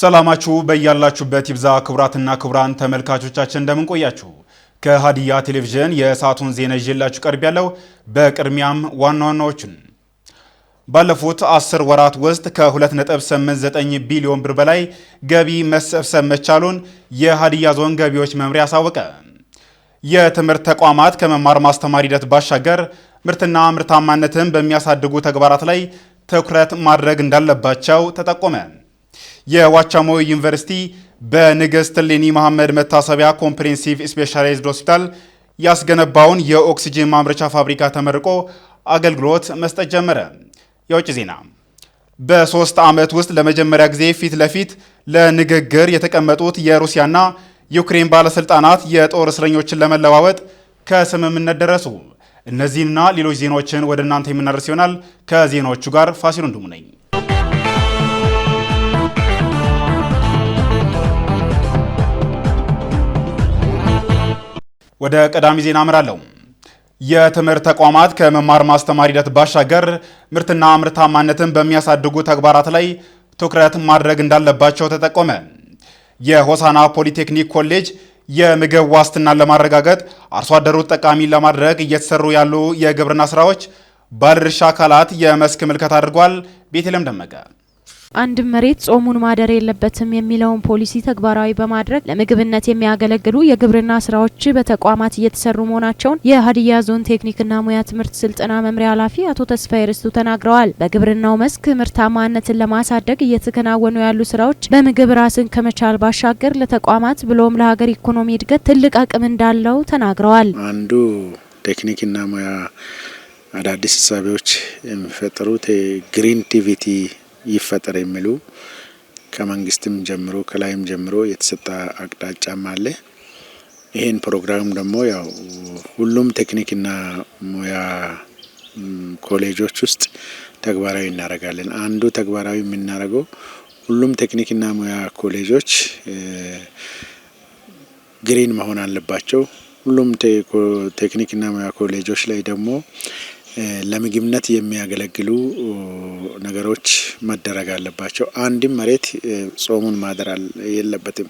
ሰላማችሁ በያላችሁበት ይብዛ። ክቡራትና ክቡራን ተመልካቾቻችን እንደምን ቆያችሁ? ከሀዲያ ቴሌቪዥን የሰዓቱን ዜና ይዤላችሁ ቀርብ ያለው። በቅድሚያም ዋና ዋናዎቹን ባለፉት 10 ወራት ውስጥ ከ2.89 ቢሊዮን ብር በላይ ገቢ መሰብሰብ መቻሉን የሀዲያ ዞን ገቢዎች መምሪያ አሳወቀ። የትምህርት ተቋማት ከመማር ማስተማር ሂደት ባሻገር ምርትና ምርታማነትን በሚያሳድጉ ተግባራት ላይ ትኩረት ማድረግ እንዳለባቸው ተጠቆመ። የዋቻሞ ዩኒቨርሲቲ በንግስት ሌኒ መሐመድ መታሰቢያ ኮምፕሬንሲቭ ስፔሻላይዝድ ሆስፒታል ያስገነባውን የኦክስጂን ማምረቻ ፋብሪካ ተመርቆ አገልግሎት መስጠት ጀመረ። የውጭ ዜና በሶስት ዓመት ውስጥ ለመጀመሪያ ጊዜ ፊት ለፊት ለንግግር የተቀመጡት የሩሲያና ዩክሬን ባለስልጣናት የጦር እስረኞችን ለመለዋወጥ ከስምምነት ደረሱ። እነዚህንና ሌሎች ዜናዎችን ወደ እናንተ የምናደርስ ይሆናል። ከዜናዎቹ ጋር ፋሲሉ እንዱሙ ነኝ። ወደ ቀዳሚ ዜና አምራለሁ። የትምህርት ተቋማት ከመማር ማስተማር ሂደት ባሻገር ምርትና ምርታማነትን በሚያሳድጉ ተግባራት ላይ ትኩረት ማድረግ እንዳለባቸው ተጠቆመ። የሆሳና ፖሊቴክኒክ ኮሌጅ የምግብ ዋስትናን ለማረጋገጥ አርሶ አደሩ ጠቃሚ ለማድረግ እየተሰሩ ያሉ የግብርና ስራዎች ባለድርሻ አካላት የመስክ ምልከት አድርጓል። ቤተልሔም ደመቀ አንድ መሬት ጾሙን ማደር የለበትም የሚለውን ፖሊሲ ተግባራዊ በማድረግ ለምግብነት የሚያገለግሉ የግብርና ስራዎች በተቋማት እየተሰሩ መሆናቸውን የሀዲያ ዞን ቴክኒክና ሙያ ትምህርት ስልጠና መምሪያ ኃላፊ አቶ ተስፋዬ ርስቱ ተናግረዋል። በግብርናው መስክ ምርታማነትን ለማሳደግ እየተከናወኑ ያሉ ስራዎች በምግብ ራስን ከመቻል ባሻገር ለተቋማት ብሎም ለሀገር ኢኮኖሚ እድገት ትልቅ አቅም እንዳለው ተናግረዋል። አንዱ ቴክኒክና ሙያ አዳዲስ እሳቤዎች የሚፈጠሩት ግሪን ቲቪቲ ይፈጠር የሚሉ ከመንግስትም ጀምሮ ከላይም ጀምሮ የተሰጠ አቅጣጫም አለ። ይሄን ፕሮግራም ደግሞ ያው ሁሉም ቴክኒክና ሙያ ኮሌጆች ውስጥ ተግባራዊ እናደርጋለን። አንዱ ተግባራዊ የምናደርገው ሁሉም ቴክኒክና ሙያ ኮሌጆች ግሪን መሆን አለባቸው። ሁሉም ቴክኒክና ሙያ ኮሌጆች ላይ ደግሞ ለምግብነት የሚያገለግሉ ነገሮች መደረግ አለባቸው። አንድም መሬት ጾሙን ማደር የለበትም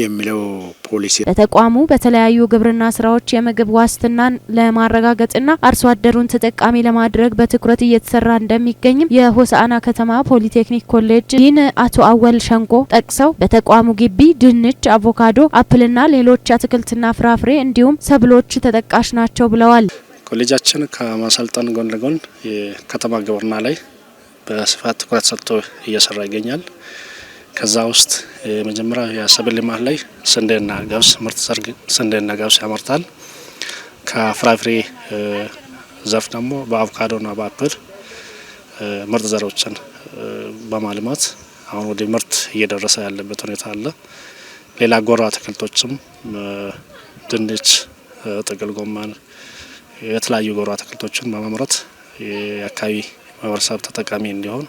የሚለው ፖሊሲ በተቋሙ በተለያዩ ግብርና ስራዎች የምግብ ዋስትናን ለማረጋገጥና አርሶ አደሩን ተጠቃሚ ለማድረግ በትኩረት እየተሰራ እንደሚገኝም የሆሳአና ከተማ ፖሊቴክኒክ ኮሌጅ ዲን አቶ አወል ሸንቆ ጠቅሰው በተቋሙ ግቢ ድንች፣ አቮካዶ፣ አፕልና ሌሎች አትክልትና ፍራፍሬ እንዲሁም ሰብሎች ተጠቃሽ ናቸው ብለዋል። ኮሌጃችን ከማሰልጠን ጎን ለጎን የከተማ ግብርና ላይ በስፋት ትኩረት ሰጥቶ እየሰራ ይገኛል። ከዛ ውስጥ የመጀመሪያ የሰብል ልማት ላይ ስንዴና ገብስ ምርት ዘር ስንዴና ገብስ ያመርታል። ከፍራፍሬ ዘርፍ ደግሞ በአቮካዶና በአፕል ምርጥ ዘሮችን በማልማት አሁን ወደ ምርት እየደረሰ ያለበት ሁኔታ አለ። ሌላ ጎራ አትክልቶችም ድንች፣ ጥቅል ጎመን የተለያዩ ጎሮ አትክልቶችን በማምረት የአካባቢ ማህበረሰብ ተጠቃሚ እንዲሆን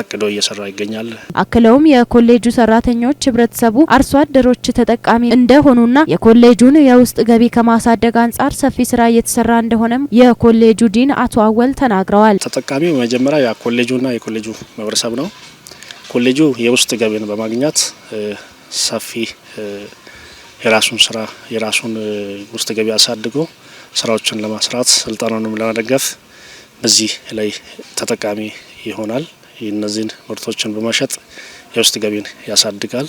አቅዶ እየሰራ ይገኛል። አክለውም የኮሌጁ ሰራተኞች ህብረተሰቡ አርሶ አደሮች ተጠቃሚ እንደሆኑና የኮሌጁን የውስጥ ገቢ ከማሳደግ አንጻር ሰፊ ስራ እየተሰራ እንደሆነም የኮሌጁ ዲን አቶ አወል ተናግረዋል። ተጠቃሚው መጀመሪያ የኮሌጁና የኮሌጁ ማህበረሰብ ነው። ኮሌጁ የውስጥ ገቢን በማግኘት ሰፊ የራሱን ስራ የራሱን ውስጥ ገቢ አሳድጎ ስራዎችን ለማስራት ስልጠናውንም ለመደገፍ በዚህ ላይ ተጠቃሚ ይሆናል። እነዚህን ምርቶችን በመሸጥ የውስጥ ገቢን ያሳድጋል፣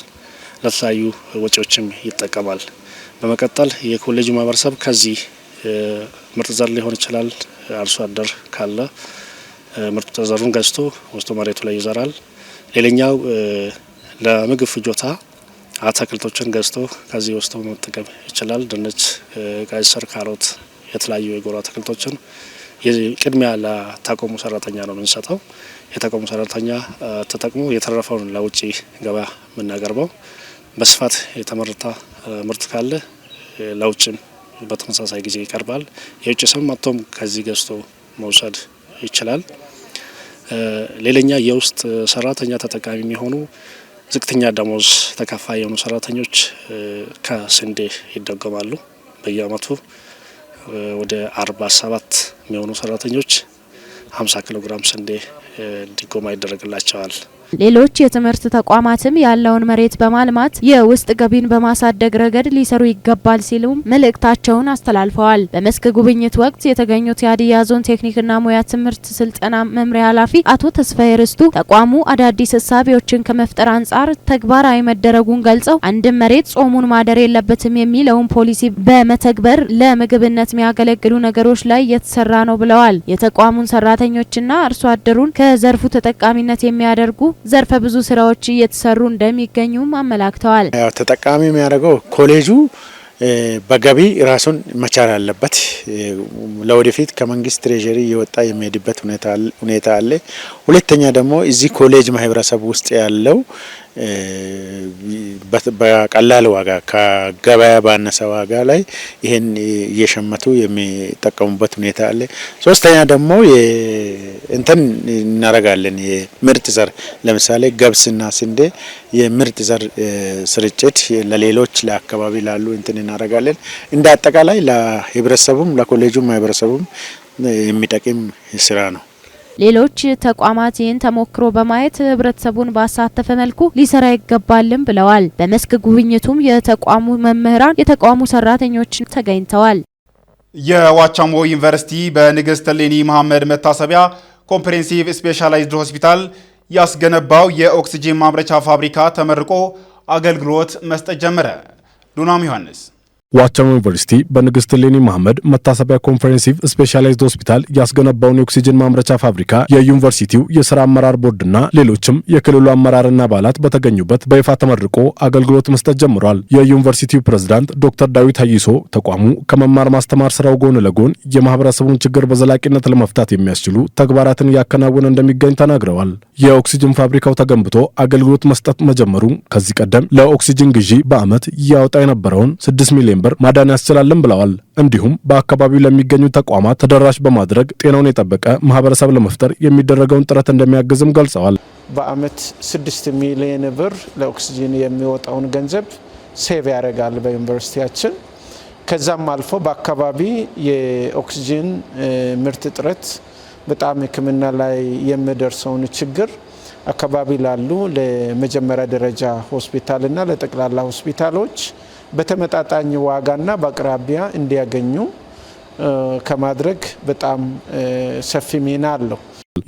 ለተለያዩ ወጪዎችም ይጠቀማል። በመቀጠል የኮሌጁ ማህበረሰብ ከዚህ ምርጥ ዘር ሊሆን ይችላል አርሶ አደር ካለ ምርጥ ዘሩን ገዝቶ ወስዶ መሬቱ ላይ ይዘራል። ሌላኛው ለምግብ ፍጆታ አትክልቶችን ገዝቶ ከዚህ ወስዶ መጠቀም ይችላል። ድንች፣ ቀይ ስር፣ ካሮት የተለያዩ የጓሮ አትክልቶችን ቅድሚያ ለተቋሙ ሰራተኛ ነው የምንሰጠው። የተቋሙ ሰራተኛ ተጠቅሞ የተረፈውን ለውጭ ገበያ የምናቀርበው። በስፋት የተመረተ ምርት ካለ ለውጭም በተመሳሳይ ጊዜ ይቀርባል። የውጭ ሰው መጥቶም ከዚህ ገዝቶ መውሰድ ይችላል። ሌላኛ የውስጥ ሰራተኛ ተጠቃሚ የሚሆኑ ዝቅተኛ ደሞዝ ተከፋይ የሆኑ ሰራተኞች ከስንዴ ይደጎማሉ በየአመቱ ወደ 47 የሚሆኑ ሰራተኞች 50 ኪሎ ግራም ስንዴ ድጎማ ይደረግላቸዋል። ሌሎች የትምህርት ተቋማትም ያለውን መሬት በማልማት የውስጥ ገቢን በማሳደግ ረገድ ሊሰሩ ይገባል ሲሉም መልእክታቸውን አስተላልፈዋል። በመስክ ጉብኝት ወቅት የተገኙት የሀዲያ ዞን ቴክኒክና ሙያ ትምህርት ስልጠና መምሪያ ኃላፊ አቶ ተስፋዬ ርስቱ ተቋሙ አዳዲስ ሳቢዎችን ከመፍጠር አንጻር ተግባራዊ መደረጉን ገልጸው አንድም መሬት ጾሙን ማደር የለበትም የሚለውን ፖሊሲ በመተግበር ለምግብነት የሚያገለግሉ ነገሮች ላይ እየተሰራ ነው ብለዋል። የተቋሙን ሰራተኞችና አርሶ አደሩን ከዘርፉ ተጠቃሚነት የሚያደርጉ ዘርፈ ብዙ ስራዎች እየተሰሩ እንደሚገኙም አመላክተዋል። ተጠቃሚ የሚያደርገው ኮሌጁ በገቢ ራሱን መቻል አለበት። ለወደፊት ከመንግስት ትሬዠሪ እየወጣ የሚሄድበት ሁኔታ አለ። ሁለተኛ ደግሞ እዚህ ኮሌጅ ማህበረሰብ ውስጥ ያለው በቀላል ዋጋ ከገበያ ባነሰ ዋጋ ላይ ይህን እየሸመቱ የሚጠቀሙበት ሁኔታ አለ። ሶስተኛ ደግሞ እንትን እናደርጋለን። የምርጥ ዘር ለምሳሌ ገብስና ስንዴ የምርጥ ዘር ስርጭት ለሌሎች ለአካባቢ ላሉ እንትን እናደርጋለን። እንደ አጠቃላይ ለህብረተሰቡም ለኮሌጁም ማህበረሰቡም የሚጠቅም ስራ ነው። ሌሎች ተቋማት ይህን ተሞክሮ በማየት ህብረተሰቡን ባሳተፈ መልኩ ሊሰራ ይገባልም ብለዋል። በመስክ ጉብኝቱም የተቋሙ መምህራን፣ የተቋሙ ሰራተኞች ተገኝተዋል። የዋቻሞ ዩኒቨርሲቲ በንግሥት ሌኒ መሐመድ መታሰቢያ ኮምፕሬንሲቭ ስፔሻላይዝድ ሆስፒታል ያስገነባው የኦክሲጂን ማምረቻ ፋብሪካ ተመርቆ አገልግሎት መስጠት ጀመረ። ዱናም ዮሐንስ ዋቸሞ ዩኒቨርሲቲ በንግስት ሌኒ መሐመድ መታሰቢያ ኮንፈረንሲቭ ስፔሻላይዝድ ሆስፒታል ያስገነባውን የኦክሲጅን ማምረቻ ፋብሪካ የዩኒቨርሲቲው የስራ አመራር ቦርድና ሌሎችም የክልሉ አመራርና አባላት በተገኙበት በይፋ ተመርቆ አገልግሎት መስጠት ጀምሯል። የዩኒቨርሲቲው ፕሬዝዳንት ዶክተር ዳዊት ሀይሶ ተቋሙ ከመማር ማስተማር ስራው ጎን ለጎን የማህበረሰቡን ችግር በዘላቂነት ለመፍታት የሚያስችሉ ተግባራትን እያከናወነ እንደሚገኝ ተናግረዋል። የኦክሲጅን ፋብሪካው ተገንብቶ አገልግሎት መስጠት መጀመሩ ከዚህ ቀደም ለኦክሲጅን ግዢ በዓመት ያወጣ የነበረውን 6 ሚሊዮን ጀንበር ማዳን ያስችላልን ብለዋል። እንዲሁም በአካባቢው ለሚገኙ ተቋማት ተደራሽ በማድረግ ጤናውን የጠበቀ ማህበረሰብ ለመፍጠር የሚደረገውን ጥረት እንደሚያግዝም ገልጸዋል። በአመት ስድስት ሚሊዮን ብር ለኦክሲጂን የሚወጣውን ገንዘብ ሴቭ ያደርጋል በዩኒቨርሲቲያችን። ከዛም አልፎ በአካባቢ የኦክሲጂን ምርት እጥረት በጣም ሕክምና ላይ የሚደርሰውን ችግር አካባቢ ላሉ ለመጀመሪያ ደረጃ ሆስፒታልና ለጠቅላላ ሆስፒታሎች በተመጣጣኝ ዋጋና በአቅራቢያ እንዲያገኙ ከማድረግ በጣም ሰፊ ሚና አለው።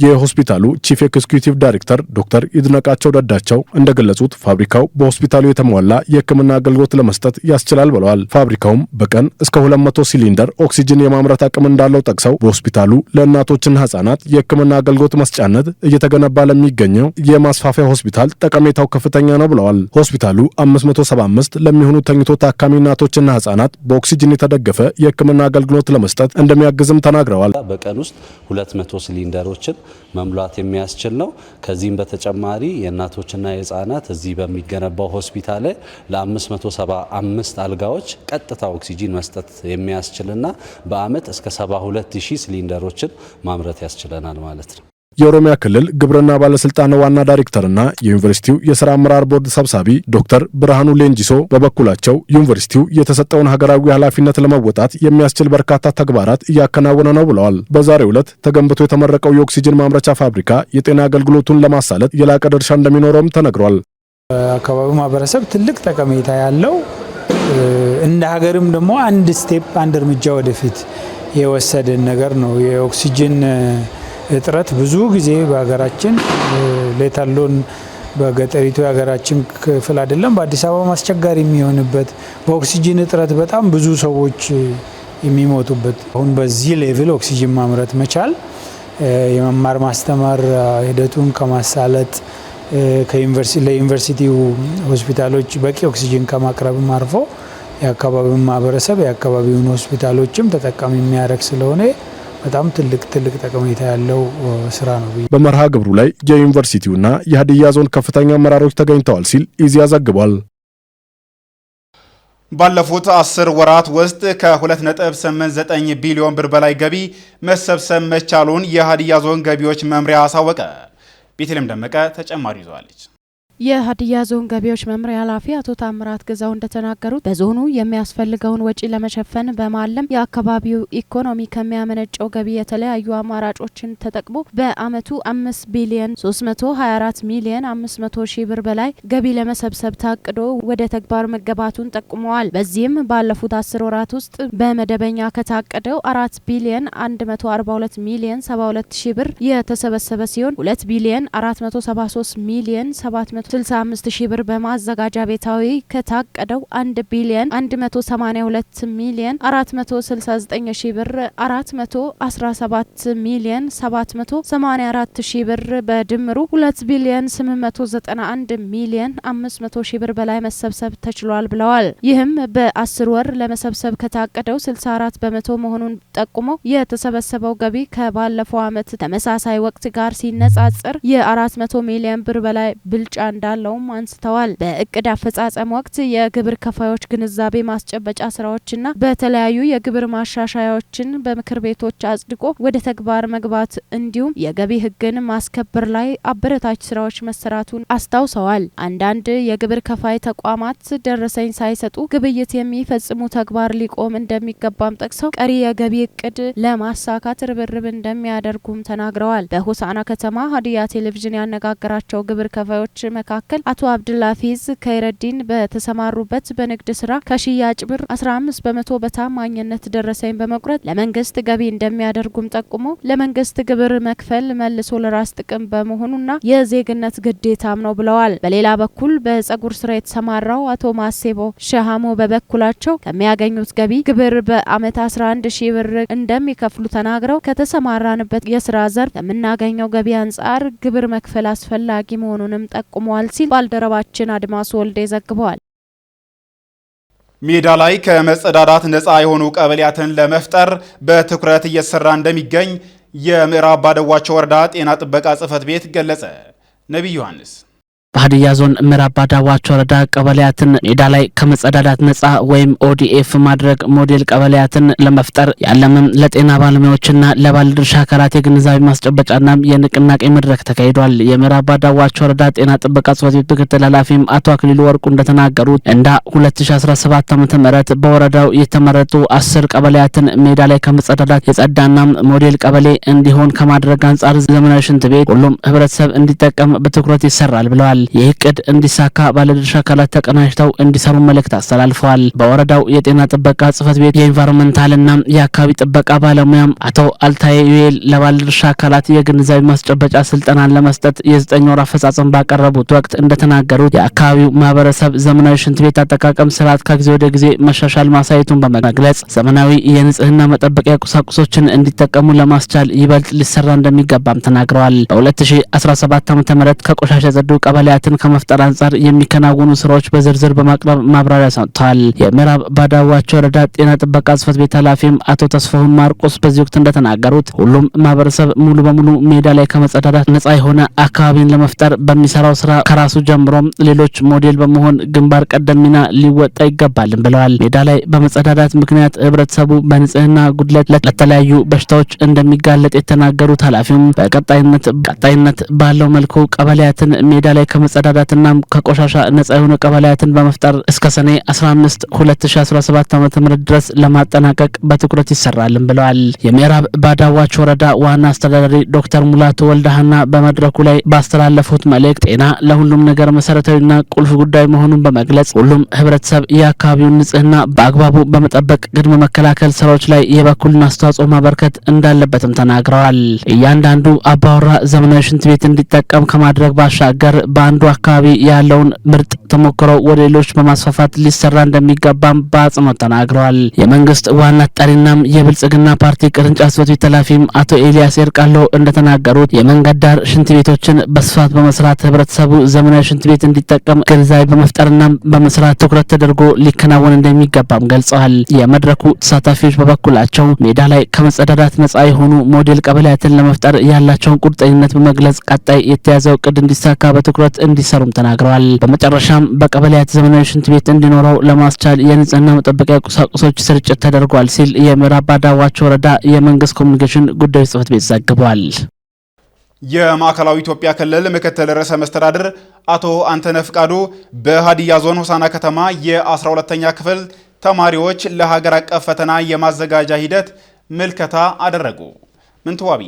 የሆስፒታሉ ቺፍ ኤክስኪዩቲቭ ዳይሬክተር ዶክተር ይድነቃቸው ደዳቸው እንደገለጹት ፋብሪካው በሆስፒታሉ የተሟላ የሕክምና አገልግሎት ለመስጠት ያስችላል ብለዋል። ፋብሪካውም በቀን እስከ 200 ሲሊንደር ኦክሲጅን የማምረት አቅም እንዳለው ጠቅሰው በሆስፒታሉ ለእናቶችና ሕጻናት የሕክምና አገልግሎት መስጫነት እየተገነባ ለሚገኘው የማስፋፊያ ሆስፒታል ጠቀሜታው ከፍተኛ ነው ብለዋል። ሆስፒታሉ 575 ለሚሆኑ ተኝቶ ታካሚ እናቶችና ሕጻናት በኦክሲጅን የተደገፈ የሕክምና አገልግሎት ለመስጠት እንደሚያግዝም ተናግረዋል። በቀን ውስጥ 200 ሲሊንደሮች ችግሮችን መሙላት የሚያስችል ነው። ከዚህም በተጨማሪ የእናቶችና የህፃናት እዚህ በሚገነባው ሆስፒታል ላይ ለ575 አልጋዎች ቀጥታ ኦክሲጂን መስጠት የሚያስችልና በአመት እስከ 72000 ሲሊንደሮችን ማምረት ያስችለናል ማለት ነው። የኦሮሚያ ክልል ግብርና ባለስልጣን ዋና ዳይሬክተርና የዩኒቨርሲቲው የስራ አመራር ቦርድ ሰብሳቢ ዶክተር ብርሃኑ ሌንጂሶ በበኩላቸው ዩኒቨርሲቲው የተሰጠውን ሀገራዊ ኃላፊነት ለመወጣት የሚያስችል በርካታ ተግባራት እያከናወነ ነው ብለዋል። በዛሬው ዕለት ተገንብቶ የተመረቀው የኦክሲጅን ማምረቻ ፋብሪካ የጤና አገልግሎቱን ለማሳለጥ የላቀ ድርሻ እንደሚኖረውም ተነግሯል። አካባቢው ማህበረሰብ ትልቅ ጠቀሜታ ያለው እንደ ሀገርም ደግሞ አንድ ስቴፕ አንድ እርምጃ ወደፊት የወሰደን ነገር ነው የኦክሲጅን እጥረት ብዙ ጊዜ በሀገራችን ሌታሎን በገጠሪቱ የሀገራችን ክፍል አይደለም በአዲስ አበባ አስቸጋሪ የሚሆንበት በኦክሲጂን እጥረት በጣም ብዙ ሰዎች የሚሞቱበት አሁን በዚህ ሌቭል ኦክሲጂን ማምረት መቻል የመማር ማስተማር ሂደቱን ከማሳለጥ ለዩኒቨርሲቲ ሆስፒታሎች በቂ ኦክሲጂን ከማቅረብም አርፎ የአካባቢውን ማህበረሰብ የአካባቢውን ሆስፒታሎችም ተጠቃሚ የሚያደርግ ስለሆነ በጣም ትልቅ ትልቅ ጠቀሜታ ያለው ስራ ነው። በመርሃ ግብሩ ላይ የዩኒቨርሲቲውና የሀዲያ ዞን ከፍተኛ አመራሮች ተገኝተዋል ሲል ኢዜአ ዘግቧል። ባለፉት አስር ወራት ውስጥ ከ2.89 ቢሊዮን ብር በላይ ገቢ መሰብሰብ መቻሉን የሀዲያ ዞን ገቢዎች መምሪያ አሳወቀ። ቤተልሔም ደመቀ ተጨማሪ ይዘዋለች። የሀዲያ ዞን ገቢዎች መምሪያ ኃላፊ አቶ ታምራት ግዛው እንደተናገሩት በዞኑ የሚያስፈልገውን ወጪ ለመሸፈን በማለም የአካባቢው ኢኮኖሚ ከሚያመነጨው ገቢ የተለያዩ አማራጮችን ተጠቅሞ በአመቱ አምስት ቢሊየን ሶስት መቶ ሀያ አራት ሚሊየን አምስት መቶ ሺህ ብር በላይ ገቢ ለመሰብሰብ ታቅዶ ወደ ተግባር መገባቱን ጠቁመዋል። በዚህም ባለፉት አስር ወራት ውስጥ በመደበኛ ከታቀደው አራት ቢሊየን አንድ መቶ አርባ ሁለት ሚሊየን ሰባ ሁለት ሺህ ብር የተሰበሰበ ሲሆን ሁለት ቢሊየን አራት መቶ ሰባ ሶስት ሚሊየን ሰባት 165 ሺህ ብር በማዘጋጃ ቤታዊ ከታቀደው 1 ቢሊየን 182 ሚሊየን 469 ሺ ብር 417 ሚሊየን 784 ሺ ብር በድምሩ 2 ቢሊየን 891 ሚሊየን 500 ሺ ብር በላይ መሰብሰብ ተችሏል ብለዋል። ይህም በአስር ወር ለመሰብሰብ ከታቀደው 64 በመቶ መሆኑን ጠቁመው የተሰበሰበው ገቢ ከባለፈው ዓመት ተመሳሳይ ወቅት ጋር ሲነጻጽር የ400 ሚሊየን ብር በላይ ብልጫ እንዳለውም አንስተዋል። በእቅድ አፈጻጸም ወቅት የግብር ከፋዮች ግንዛቤ ማስጨበጫ ስራዎችና በተለያዩ የግብር ማሻሻያዎችን በምክር ቤቶች አጽድቆ ወደ ተግባር መግባት እንዲሁም የገቢ ህግን ማስከበር ላይ አበረታች ስራዎች መሰራቱን አስታውሰዋል። አንዳንድ የግብር ከፋይ ተቋማት ደረሰኝ ሳይሰጡ ግብይት የሚፈጽሙ ተግባር ሊቆም እንደሚገባም ጠቅሰው ቀሪ የገቢ እቅድ ለማሳካት ርብርብ እንደሚያደርጉም ተናግረዋል። በሆሳና ከተማ ሀዲያ ቴሌቪዥን ያነጋገራቸው ግብር ከፋዮች መካከል አቶ ፊዝ ከይረዲን በተሰማሩበት በንግድ ስራ ከሽያጭ ብር 15 በመቶ በታማኝነት ደረሰኝ በመቁረጥ ለመንግስት ገቢ እንደሚያደርጉም ጠቁሞ ለመንግስት ግብር መክፈል መልሶ ለራስ ጥቅም በመሆኑና የዜግነት ግዴታም ነው ብለዋል። በሌላ በኩል በጸጉር ስራ የተሰማራው አቶ ማሴቦ ሸሃሞ በበኩላቸው ከሚያገኙት ገቢ ግብር በአመት 11 ሺህ ብር እንደሚከፍሉ ተናግረው ከተሰማራንበት የስራ ዘርፍ ከምናገኘው ገቢ አንጻር ግብር መክፈል አስፈላጊ መሆኑንም ጠቁሟል። ተፈጽሟል ሲል ባልደረባችን አድማስ ወልዴ ዘግቧል። ሜዳ ላይ ከመጸዳዳት ነፃ የሆኑ ቀበሌያትን ለመፍጠር በትኩረት እየተሰራ እንደሚገኝ የምዕራብ ባደዋቸው ወረዳ ጤና ጥበቃ ጽሕፈት ቤት ገለጸ። ነቢይ ዮሐንስ በሀዲያ ዞን ምዕራብ ባዳዋቾ ወረዳ ቀበሌያትን ሜዳ ላይ ከመጸዳዳት ነጻ ወይም ኦዲኤፍ ማድረግ ሞዴል ቀበሌያትን ለመፍጠር ያለምም ለጤና ባለሙያዎችና ለባለድርሻ አካላት የግንዛቤ ማስጨበጫና የንቅናቄ መድረክ ተካሂዷል። የምዕራብ ባዳዋቾ ወረዳ ጤና ጥበቃ ጽሕፈት ቤት ምክትል ኃላፊም አቶ አክሊሉ ወርቁ እንደተናገሩት እንዳ 2017 ዓ ም በወረዳው የተመረጡ አስር ቀበሌያትን ሜዳ ላይ ከመጸዳዳት የጸዳናም ሞዴል ቀበሌ እንዲሆን ከማድረግ አንጻር ዘመናዊ ሽንት ቤት ሁሉም ህብረተሰብ እንዲጠቀም በትኩረት ይሰራል ብለዋል። ይህ እቅድ እንዲሳካ ባለድርሻ አካላት ተቀናጅተው እንዲሰሩ መልእክት አስተላልፈዋል። በወረዳው የጤና ጥበቃ ጽህፈት ቤት የኢንቫይሮንመንታልና የአካባቢ ጥበቃ ባለሙያም አቶ አልታየ ዩኤል ለባለድርሻ አካላት የግንዛቤ ማስጨበጫ ስልጠናን ለመስጠት የዘጠኝ ወር አፈጻጸም ባቀረቡት ወቅት እንደተናገሩት የአካባቢው ማህበረሰብ ዘመናዊ ሽንት ቤት አጠቃቀም ስርዓት ከጊዜ ወደ ጊዜ መሻሻል ማሳየቱን በመግለጽ ዘመናዊ የንጽህና መጠበቂያ ቁሳቁሶችን እንዲጠቀሙ ለማስቻል ይበልጥ ሊሰራ እንደሚገባም ተናግረዋል። በ2017 ዓ ም ከቆሻሻ የጸዱ ቀበሌ መረዳዳትን ከመፍጠር አንጻር የሚከናወኑ ስራዎች በዝርዝር በማቅረብ ማብራሪያ ሰጥተዋል። የምዕራብ ባዳዋቸው ወረዳ ጤና ጥበቃ ጽፈት ቤት ኃላፊም አቶ ተስፋሁን ማርቆስ በዚህ ወቅት እንደተናገሩት ሁሉም ማህበረሰብ ሙሉ በሙሉ ሜዳ ላይ ከመጸዳዳት ነጻ የሆነ አካባቢን ለመፍጠር በሚሰራው ስራ ከራሱ ጀምሮም ሌሎች ሞዴል በመሆን ግንባር ቀደም ሚና ሊወጣ ይገባልን ብለዋል። ሜዳ ላይ በመጸዳዳት ምክንያት ህብረተሰቡ በንጽህና ጉድለት ለተለያዩ በሽታዎች እንደሚጋለጥ የተናገሩት ኃላፊውም በቀጣይነት ቀጣይነት ባለው መልኩ ቀበሌያትን ሜዳ ላይ ከመጸዳዳትና ከቆሻሻ ነጻ የሆነ ቀበሌያትን በመፍጠር እስከ ሰኔ 15 2017 ዓ.ም ድረስ ለማጠናቀቅ በትኩረት ይሰራልን ብለዋል። የምዕራብ ባዳዋች ወረዳ ዋና አስተዳዳሪ ዶክተር ሙላቱ ወልደሃና በመድረኩ ላይ ባስተላለፉት መልእክት ጤና ለሁሉም ነገር መሰረታዊና ቁልፍ ጉዳይ መሆኑን በመግለጽ ሁሉም ህብረተሰብ የአካባቢውን ንጽህና በአግባቡ በመጠበቅ ቅድመ መከላከል ስራዎች ላይ የበኩልን አስተዋጽኦ ማበርከት እንዳለበትም ተናግረዋል። እያንዳንዱ አባወራ ዘመናዊ ሽንት ቤት እንዲጠቀም ከማድረግ ባሻገር በአ በአንዱ አካባቢ ያለውን ምርጥ ተሞክሮ ወደ ሌሎች በማስፋፋት ሊሰራ እንደሚገባም በአጽንኦት ተናግረዋል። የመንግስት ዋና ጣሪናም የብልጽግና ፓርቲ ቅርንጫፍ ጽሕፈት ቤት ኃላፊም አቶ ኤልያስ ኤርቃሎ እንደተናገሩት የመንገድ ዳር ሽንት ቤቶችን በስፋት በመስራት ህብረተሰቡ ዘመናዊ ሽንት ቤት እንዲጠቀም ግንዛቤ በመፍጠርና በመስራት ትኩረት ተደርጎ ሊከናወን እንደሚገባም ገልጸዋል። የመድረኩ ተሳታፊዎች በበኩላቸው ሜዳ ላይ ከመጸዳዳት ነጻ የሆኑ ሞዴል ቀበሌያትን ለመፍጠር ያላቸውን ቁርጠኝነት በመግለጽ ቀጣይ የተያዘው እቅድ እንዲሳካ በትኩረት እንዲሰሩም ተናግረዋል። በመጨረሻም በቀበሌያት ዘመናዊ ሽንት ቤት እንዲኖረው ለማስቻል የንጽህና መጠበቂያ ቁሳቁሶች ስርጭት ተደርጓል ሲል የምዕራብ ባዳዋቾ ወረዳ የመንግስት ኮሚኒኬሽን ጉዳዮች ጽህፈት ቤት ዘግቧል። የማዕከላዊ ኢትዮጵያ ክልል ምክትል ርዕሰ መስተዳድር አቶ አንተነህ ፍቃዱ በሀዲያ ዞን ሆሳና ከተማ የ 12 ተኛ ክፍል ተማሪዎች ለሀገር አቀፍ ፈተና የማዘጋጃ ሂደት ምልከታ አደረጉ። ምንትዋብ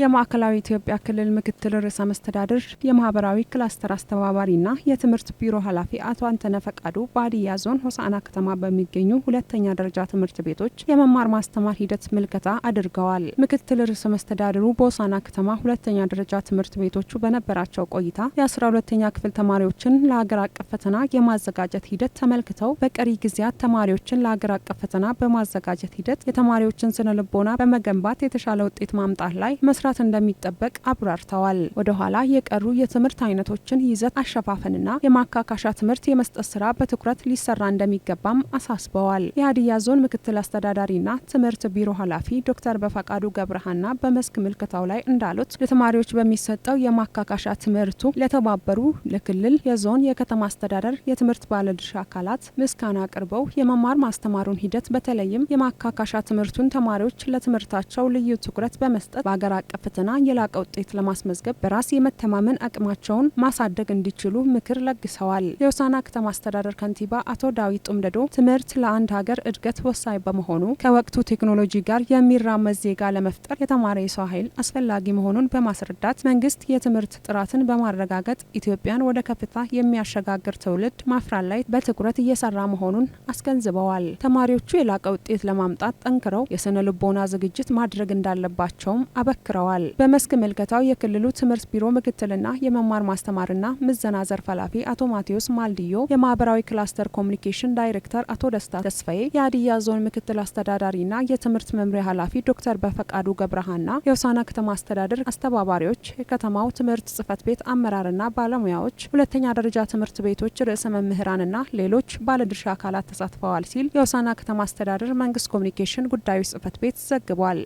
የማዕከላዊ ኢትዮጵያ ክልል ምክትል ርዕሰ መስተዳድር የማህበራዊ ክላስተር አስተባባሪና የትምህርት ቢሮ ኃላፊ አቶ አንተነ ፈቃዱ በሀዲያ ዞን ሆሳና ከተማ በሚገኙ ሁለተኛ ደረጃ ትምህርት ቤቶች የመማር ማስተማር ሂደት ምልከታ አድርገዋል። ምክትል ርዕሰ መስተዳድሩ በሆሳና ከተማ ሁለተኛ ደረጃ ትምህርት ቤቶቹ በነበራቸው ቆይታ የአስራ ሁለተኛ ክፍል ተማሪዎችን ለሀገር አቀፍ ፈተና የማዘጋጀት ሂደት ተመልክተው በቀሪ ጊዜያት ተማሪዎችን ለሀገር አቀፍ ፈተና በማዘጋጀት ሂደት የተማሪዎችን ስነ ልቦና በመገንባት የተሻለ ውጤት ማምጣት ላይ መስራት መስራት እንደሚጠበቅ አብራርተዋል። ኋላ የቀሩ የትምህርት አይነቶችን ይዘት አሸፋፈንና የማካካሻ ትምህርት የመስጠት ስራ በትኩረት ሊሰራ እንደሚገባም አሳስበዋል። የሀዲያ ዞን ምክትል አስተዳዳሪና ትምህርት ቢሮ ኃላፊ ዶክተር በፈቃዱ ገብረሃና በመስክ ምልክታው ላይ እንዳሉት ለተማሪዎች በሚሰጠው የማካካሻ ትምህርቱ ለተባበሩ ለክልል፣ የዞን፣ የከተማ አስተዳደር የትምህርት ባለድርሻ አካላት ምስጋና አቅርበው የመማር ማስተማሩን ሂደት በተለይም የማካካሻ ትምህርቱን ተማሪዎች ለትምህርታቸው ልዩ ትኩረት በመስጠት በአገር አቀፍ ፈተና የላቀ ውጤት ለማስመዝገብ በራስ የመተማመን አቅማቸውን ማሳደግ እንዲችሉ ምክር ለግሰዋል። የሆሳዕና ከተማ አስተዳደር ከንቲባ አቶ ዳዊት ጡምደዶ ትምህርት ለአንድ ሀገር እድገት ወሳኝ በመሆኑ ከወቅቱ ቴክኖሎጂ ጋር የሚራመድ ዜጋ ለመፍጠር የተማረ የሰው ኃይል አስፈላጊ መሆኑን በማስረዳት መንግስት የትምህርት ጥራትን በማረጋገጥ ኢትዮጵያን ወደ ከፍታ የሚያሸጋግር ትውልድ ማፍራት ላይ በትኩረት እየሰራ መሆኑን አስገንዝበዋል። ተማሪዎቹ የላቀ ውጤት ለማምጣት ጠንክረው የስነ ልቦና ዝግጅት ማድረግ እንዳለባቸውም አበክረዋል። ተናግረዋል። በመስክ ምልከታው የክልሉ ትምህርት ቢሮ ምክትልና የመማር ማስተማርና ምዘና ዘርፍ ኃላፊ አቶ ማቴዎስ ማልድዮ፣ የማህበራዊ ክላስተር ኮሚኒኬሽን ዳይሬክተር አቶ ደስታ ተስፋዬ፣ የአድያ ዞን ምክትል አስተዳዳሪና የትምህርት መምሪያ ኃላፊ ዶክተር በፈቃዱ ገብረሃና የውሳና ከተማ አስተዳደር አስተባባሪዎች፣ የከተማው ትምህርት ጽህፈት ቤት አመራርና ባለሙያዎች፣ ሁለተኛ ደረጃ ትምህርት ቤቶች ርዕሰ መምህራንና ሌሎች ባለድርሻ አካላት ተሳትፈዋል ሲል የውሳና ከተማ አስተዳደር መንግስት ኮሚኒኬሽን ጉዳዮች ጽህፈት ቤት ዘግቧል።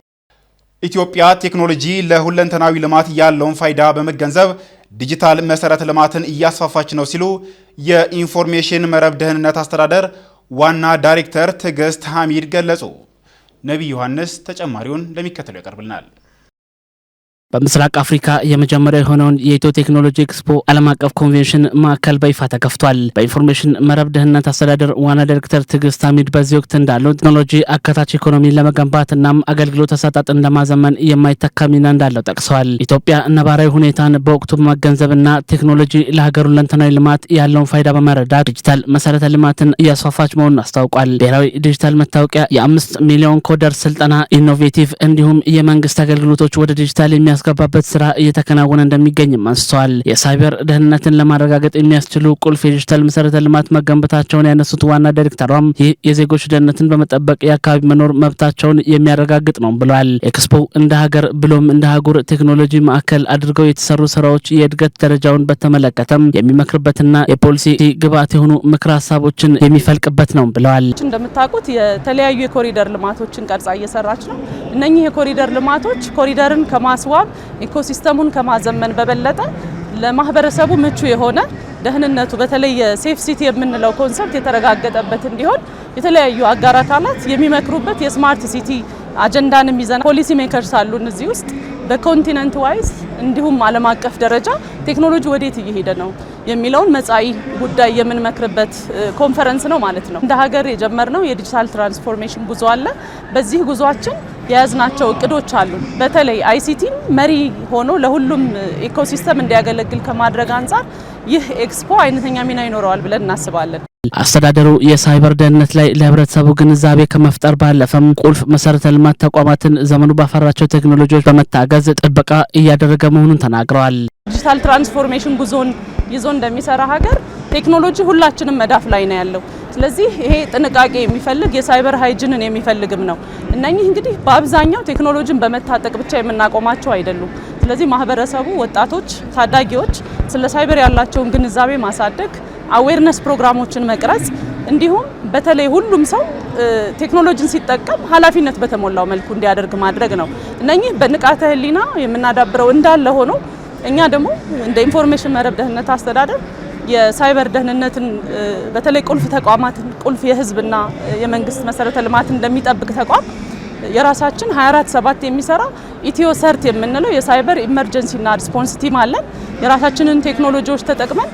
ኢትዮጵያ ቴክኖሎጂ ለሁለንተናዊ ልማት ያለውን ፋይዳ በመገንዘብ ዲጂታል መሰረተ ልማትን እያስፋፋች ነው ሲሉ የኢንፎርሜሽን መረብ ደህንነት አስተዳደር ዋና ዳይሬክተር ትዕግስት ሐሚድ ገለጹ። ነቢይ ዮሐንስ ተጨማሪውን ለሚከተለው ያቀርብልናል። በምስራቅ አፍሪካ የመጀመሪያ የሆነውን የኢትዮ ቴክኖሎጂ ኤክስፖ ዓለም አቀፍ ኮንቬንሽን ማዕከል በይፋ ተከፍቷል። በኢንፎርሜሽን መረብ ደህንነት አስተዳደር ዋና ዳይሬክተር ትዕግስት አሚድ በዚህ ወቅት እንዳለው ቴክኖሎጂ አካታች ኢኮኖሚን ለመገንባት እናም አገልግሎት አሰጣጥን ለማዘመን የማይተካ ሚና እንዳለው ጠቅሰዋል። ኢትዮጵያ ነባራዊ ሁኔታን በወቅቱ በመገንዘብና ቴክኖሎጂ ለሀገሩ ለንተናዊ ልማት ያለውን ፋይዳ በመረዳት ዲጂታል መሰረተ ልማትን እያስፋፋች መሆኑን አስታውቋል። ብሔራዊ ዲጂታል መታወቂያ፣ የአምስት ሚሊዮን ኮደር ስልጠና፣ ኢኖቬቲቭ እንዲሁም የመንግስት አገልግሎቶች ወደ ዲጂታል የሚያ የሚያስገባበት ስራ እየተከናወነ እንደሚገኝም አንስተዋል። የሳይበር ደህንነትን ለማረጋገጥ የሚያስችሉ ቁልፍ የዲጂታል መሰረተ ልማት መገንባታቸውን ያነሱት ዋና ዳይሬክተሯም ይህ የዜጎች ደህንነትን በመጠበቅ የአካባቢ መኖር መብታቸውን የሚያረጋግጥ ነው ብለዋል። ኤክስፖ እንደ ሀገር ብሎም እንደ አህጉር ቴክኖሎጂ ማዕከል አድርገው የተሰሩ ስራዎች የእድገት ደረጃውን በተመለከተም የሚመክርበትና የፖሊሲ ግብዓት የሆኑ ምክር ሀሳቦችን የሚፈልቅበት ነው ብለዋል። እንደምታውቁት የተለያዩ የኮሪደር ልማቶችን ቀርጻ እየሰራች ነው። እነኚህ የኮሪደር ልማቶች ኮሪደርን ከማስዋብ ኢኮሲስተሙን ከማዘመን በበለጠ ለማህበረሰቡ ምቹ የሆነ ደህንነቱ በተለይ ሴፍ ሲቲ የምንለው ኮንሰፕት የተረጋገጠበት እንዲሆን የተለያዩ አጋር አካላት የሚመክሩበት የስማርት ሲቲ አጀንዳን የሚዘና ፖሊሲ ሜከርስ አሉን እዚህ ውስጥ በኮንቲነንት ዋይዝ እንዲሁም ዓለም አቀፍ ደረጃ ቴክኖሎጂ ወዴት እየሄደ ነው የሚለውን መጻኢ ጉዳይ የምንመክርበት ኮንፈረንስ ነው ማለት ነው። እንደ ሀገር የጀመርነው የዲጂታል ትራንስፎርሜሽን ጉዞ አለ። በዚህ ጉዟችን የያዝናቸው እቅዶች አሉ። በተለይ አይሲቲን መሪ ሆኖ ለሁሉም ኢኮሲስተም እንዲያገለግል ከማድረግ አንጻር ይህ ኤክስፖ አይነተኛ ሚና ይኖረዋል ብለን እናስባለን። አስተዳደሩ የሳይበር ደህንነት ላይ ለህብረተሰቡ ግንዛቤ ከመፍጠር ባለፈም ቁልፍ መሰረተ ልማት ተቋማትን ዘመኑ ባፈራቸው ቴክኖሎጂዎች በመታገዝ ጥበቃ እያደረገ መሆኑን ተናግረዋል። ዲጂታል ትራንስፎርሜሽን ጉዞን ይዞ እንደሚሰራ ሀገር ቴክኖሎጂ ሁላችንም መዳፍ ላይ ነው ያለው። ስለዚህ ይሄ ጥንቃቄ የሚፈልግ የሳይበር ሃይጅንን የሚፈልግም ነው። እነኚህ እንግዲህ በአብዛኛው ቴክኖሎጂን በመታጠቅ ብቻ የምናቆማቸው አይደሉም። ስለዚህ ማህበረሰቡ፣ ወጣቶች፣ ታዳጊዎች ስለ ሳይበር ያላቸውን ግንዛቤ ማሳደግ፣ አዌርነስ ፕሮግራሞችን መቅረጽ እንዲሁም በተለይ ሁሉም ሰው ቴክኖሎጂን ሲጠቀም ኃላፊነት በተሞላው መልኩ እንዲያደርግ ማድረግ ነው። እነኚህ በንቃተ ህሊና የምናዳብረው እንዳለ ሆኖ እኛ ደግሞ እንደ ኢንፎርሜሽን መረብ ደህንነት አስተዳደር የሳይበር ደህንነትን በተለይ ቁልፍ ተቋማትን ቁልፍ የህዝብና የመንግስት መሰረተ ልማት እንደሚጠብቅ ተቋም የራሳችን 24 ሰባት የሚሰራ ኢትዮ ሰርት የምንለው የሳይበር ኢመርጀንሲና ሪስፖንስ ቲም አለን። የራሳችንን ቴክኖሎጂዎች ተጠቅመን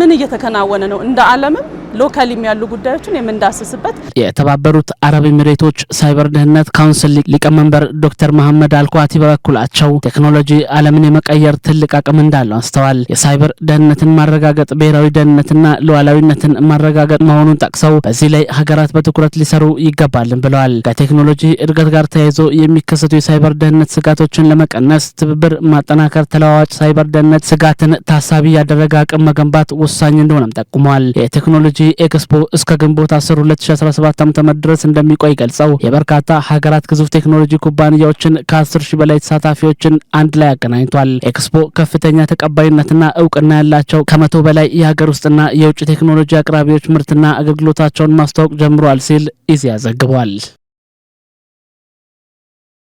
ምን እየተከናወነ ነው እንደ ዓለምም ሎካሊም ያሉ ጉዳዮችን የምንዳስስበት የተባበሩት አረብ ኤሚሬቶች ሳይበር ደህንነት ካውንስል ሊቀመንበር ዶክተር መሐመድ አልኳቲ በበኩላቸው ቴክኖሎጂ ዓለምን የመቀየር ትልቅ አቅም እንዳለው አንስተዋል። የሳይበር ደህንነትን ማረጋገጥ ብሔራዊ ደህንነትና ሉዓላዊነትን ማረጋገጥ መሆኑን ጠቅሰው በዚህ ላይ ሀገራት በትኩረት ሊሰሩ ይገባልን ብለዋል። ከቴክኖሎጂ እድገት ጋር ተያይዞ የሚከሰቱ የሳይበር ደህንነት ስጋቶችን ለመቀነስ ትብብር ማጠናከር፣ ተለዋዋጭ ሳይበር ደህንነት ስጋትን ታሳቢ ያደረገ አቅም መገንባት ወሳኝ እንደሆነም ጠቁመዋል። የቴክኖሎጂ ኤክስፖ እስከ ግንቦት 10 2017 ዓ.ም ድረስ እንደሚቆይ ገልጸው የበርካታ ሀገራት ግዙፍ ቴክኖሎጂ ኩባንያዎችን ከ10 ሺህ በላይ ተሳታፊዎችን አንድ ላይ አገናኝቷል። ኤክስፖ ከፍተኛ ተቀባይነትና እውቅና ያላቸው ከመቶ በላይ የሀገር ውስጥና የውጭ ቴክኖሎጂ አቅራቢዎች ምርትና አገልግሎታቸውን ማስተዋወቅ ጀምሯል ሲል ኢዜአ ዘግቧል።